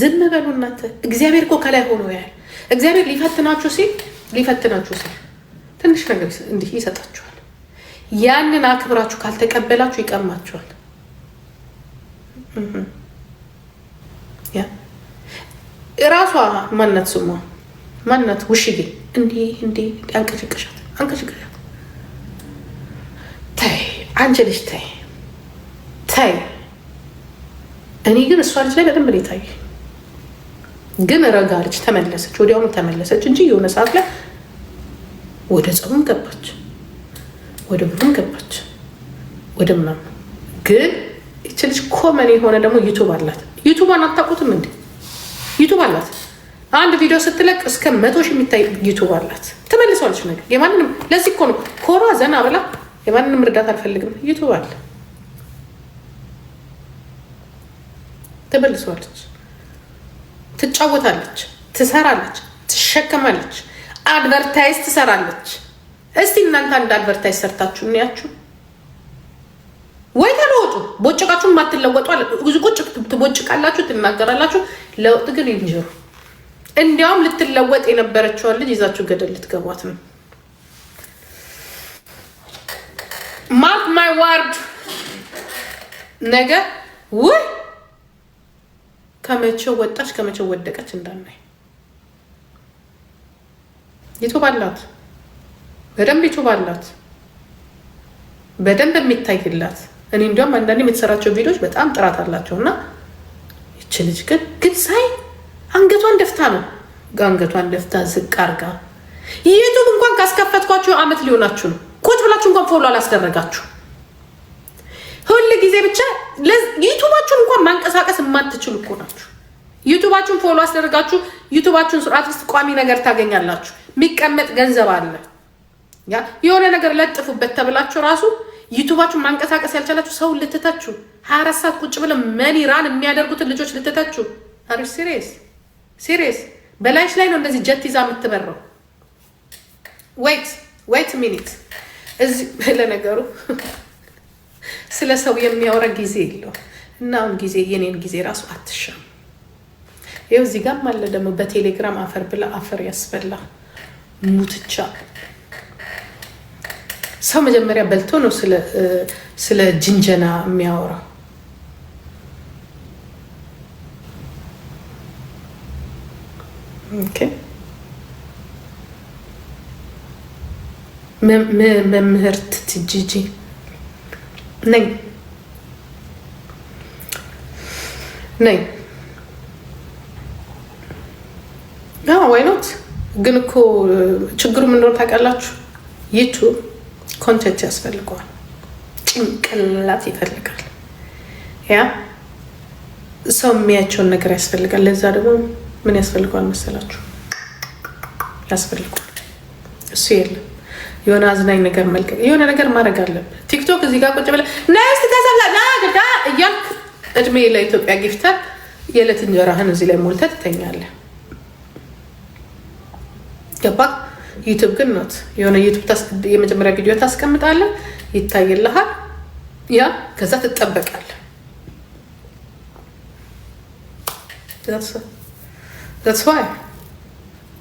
ዝም በሉ እናንተ። እግዚአብሔር እኮ ከላይ ሆኖ ያል እግዚአብሔር ሊፈትናችሁ ሲል ሊፈትናችሁ ሲል ትንሽ ነገር እንዲህ ይሰጣችኋል። ያንን አክብራችሁ ካልተቀበላችሁ ይቀማችኋል። ራሷ ማናት ስሟ ማነት ውሽጌ እንዲህ እንዲህ አንቀጭቅሻት አንቀጭቅሻት። ተይ አንቺ ልጅ ተይ ተይ። እኔ ግን እሷ ልጅ ላይ በደንብ ነው ግን ረጋ ተመለሰች፣ ወዲያውኑ ተመለሰች እንጂ የሆነ ሰዓት ላይ ወደ ጸቡም ገባች፣ ወደ ብሩም ገባች፣ ወደ ምናምን ግን ይች ልጅ ኮመን የሆነ ደግሞ ዩቱብ አላት። ዩቱቧን አታውቁትም እንዴ? ዩቱብ አላት። አንድ ቪዲዮ ስትለቅ እስከ መቶ ሺህ የሚታይ ዩቱብ አላት። ተመልሰዋለች። ነገር የማንንም ለዚህ እኮ ነው ኮሯ ዘና ብላ የማንንም እርዳታ አልፈልግም ዩቱብ አለ። ተመልሰዋለች። ትጫወታለች፣ ትሰራለች፣ ትሸከማለች፣ አድቨርታይዝ ትሰራለች። እስቲ እናንተ አንድ አድቨርታይዝ ሰርታችሁ እንያችሁ ወይ ተለወጡ። ቦጭቃችሁን ማትለወጡ ቁጭ ትቦጭቃላችሁ፣ ትናገራላችሁ። ለውጥ ግን ይንጀሩ። እንዲያውም ልትለወጥ የነበረችዋን ልጅ ይዛችሁ ገደል ልትገቧት ነው። ማርክ ማይ ዋርድ ነገር ውይ ከመቼው ወጣች ከመቼው ወደቀች እንዳናይ ይቱብ አላት፣ በደንብ የቶባላት አላት፣ በደንብ የሚታይላት። እኔ እንዲሁም አንዳንድ የምትሰራቸው ቪዲዮዎች በጣም ጥራት አላቸው እና ይች ልጅ ግን ግን ሳይ አንገቷን ደፍታ ነው አንገቷን ደፍታ ዝቅ አርጋ ዩቱብ እንኳን ካስከፈትኳችሁ አመት ሊሆናችሁ ነው። ቁጭ ብላችሁ እንኳን ፎሎ አላስደረጋችሁ ሁል ጊዜ ብቻ ዩቱባችሁን እንኳን ማንቀሳቀስ የማትችሉ እኮ ናችሁ። ዩቱባችሁን ፎሎ አስደርጋችሁ ዩቱባችሁን ስርዓት ውስጥ ቋሚ ነገር ታገኛላችሁ። የሚቀመጥ ገንዘብ አለ። ያ የሆነ ነገር ለጥፉበት ተብላችሁ ራሱ ዩቱባችሁን ማንቀሳቀስ ያልቻላችሁ ሰው ልትተችሁ ሀያ አራት ሰዓት ቁጭ ብለ መኒ ራን የሚያደርጉትን ልጆች ልትታችሁ። አሪ ሲሪየስ ሲሪየስ በላይሽ ላይ ነው እንደዚህ ጀት ይዛ የምትበረው። ወይት ወይት ሚኒት እዚህ ለነገሩ ስለ ሰው የሚያወራ ጊዜ የለው እና አሁን ጊዜ የኔን ጊዜ ራሱ አትሻም። ይኸው እዚህ ጋም አለ ደግሞ በቴሌግራም አፈር ብላ አፈር ያስበላ ሙትቻ። ሰው መጀመሪያ በልቶ ነው ስለ ጅንጀና የሚያወራው። መምህርት ትጅጂ ነኝ ነኝ ወይኖት ግን እኮ uh, ችግሩ ምን እንደሆነ ታውቃላችሁ? ዩቱብ ኮንተንት ያስፈልገዋል፣ ጭንቅላት ይፈልጋል፣ ያ ሰው የሚያቸውን ነገር ያስፈልጋል። ለዛ ደግሞ ምን ያስፈልገዋል መሰላችሁ? ያስፈልገዋል እሱ የለም የሆነ አዝናኝ ነገር መልቀቅ የሆነ ነገር ማድረግ አለብህ። ቲክቶክ እዚህ ጋር ቁጭ ብለህ ነስ ተሰብላ ናግዳ እያልክ እድሜ ለኢትዮጵያ ጊፍተር የዕለት እንጀራህን እዚህ ላይ ሞልተህ ትተኛለህ። ገባ ዩቱብ ግን ኖት የሆነ ዩቱብ የመጀመሪያ ቪዲዮ ታስቀምጣለህ፣ ይታይልሃል፣ ያ ከዛ ትጠበቃለህ።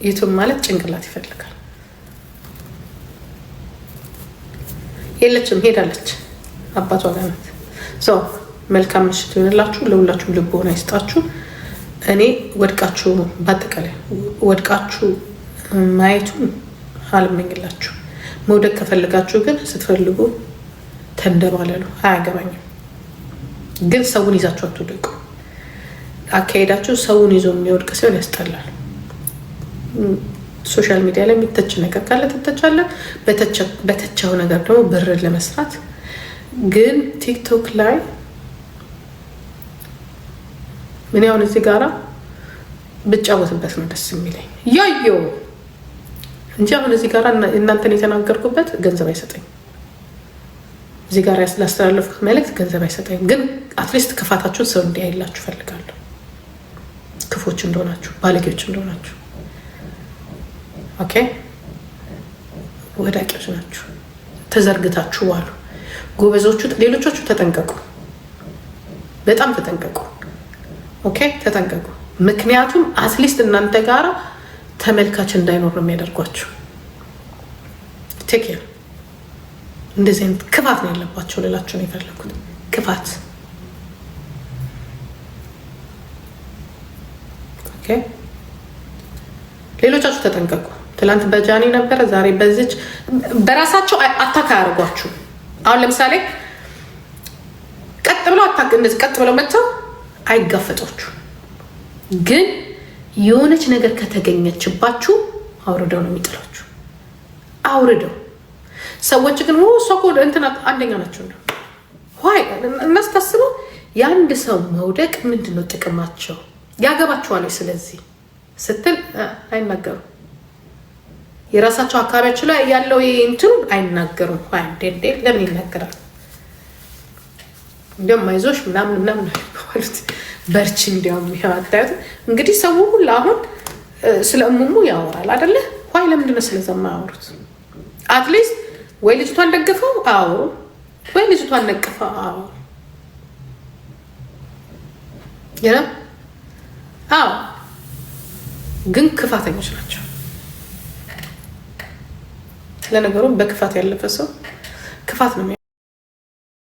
ዩቱብ ማለት ጭንቅላት ይፈልጋል። የለችም፣ ሄዳለች። አባቷ ጋር ናት። ሰው መልካም ምሽት ይሆንላችሁ። ለሁላችሁም ልቦና ይስጣችሁ። እኔ ወድቃችሁ በአጠቃላይ ወድቃችሁ ማየቱን አልመኝላችሁ። መውደቅ ከፈልጋችሁ ግን ስትፈልጉ ተንደባለሉ፣ አያገባኝም። ግን ሰውን ይዛችሁ አትወደቁ። አካሄዳችሁ ሰውን ይዞ የሚወድቅ ሲሆን ያስጠላል። ሶሻል ሚዲያ ላይ የሚተች ነገር ካለ ትተቻለን። በተቻው ነገር ደግሞ ብር ለመስራት ግን ቲክቶክ ላይ ምን ያሁን እዚህ ጋራ ብጫወትበት ነው ደስ የሚለኝ ያዮ እንጂ አሁን እዚህ ጋር እናንተን የተናገርኩበት ገንዘብ አይሰጠኝ፣ እዚህ ጋር ላስተላለፍኩት መልእክት ገንዘብ አይሰጠኝ። ግን አትሊስት ክፋታችሁን ሰው እንዲያይላችሁ ፈልጋለሁ፣ ክፎች እንደሆናችሁ፣ ባለጌዎች እንደሆናችሁ ኦኬ ወዳቂዎች ናችሁ፣ ተዘርግታችሁ አሉ ጎበዞቹ። ሌሎቻችሁ ተጠንቀቁ፣ በጣም ተጠንቀቁ። ኦኬ ተጠንቀቁ። ምክንያቱም አትሊስት እናንተ ጋር ተመልካች እንዳይኖር ነው የሚያደርጓችሁ። ቴክያ እንደዚህ አይነት ክፋት ነው ያለባቸው። ሌላቸው ነው የፈለኩት ክፋት ሌሎቻችሁ ተጠንቀቁ። ትላንት በጃኒ ነበረ፣ ዛሬ በዚች በራሳቸው አታክ አያደርጓችሁ። አሁን ለምሳሌ ቀጥ ብለው እንደዚህ ቀጥ ብለው መጥተው አይጋፈጧችሁ፣ ግን የሆነች ነገር ከተገኘችባችሁ አውርደው ነው የሚጥሏችሁ። አውርደው ሰዎች ግን ሰኮ እንትን አንደኛ ናቸው። እናስታስበው የአንድ ሰው መውደቅ ምንድን ነው ጥቅማቸው? ያገባችኋል። ስለዚህ ስትል አይናገሩም። የራሳቸው አካባቢያቸው ላይ ያለው እንትኑ አይናገሩም። ንዴ ለምን ይናገራል? እንዲያውም አይዞሽ ምናምን ምናምን ባሉት በርች። እንዲያውም ያታዩት እንግዲህ ሰው ሁሉ አሁን ስለ እሙሙ ያወራል አደለ? ይ ለምንድነ ስለዘማ ያወሩት? አትሊስት ወይ ልጅቷን ደግፈው አዎ፣ ወይ ልጅቷን ነቅፈው አዎ ግን ክፋተኞች ናቸው። ለነገሩ በክፋት ያለፈ ሰው ክፋት ነው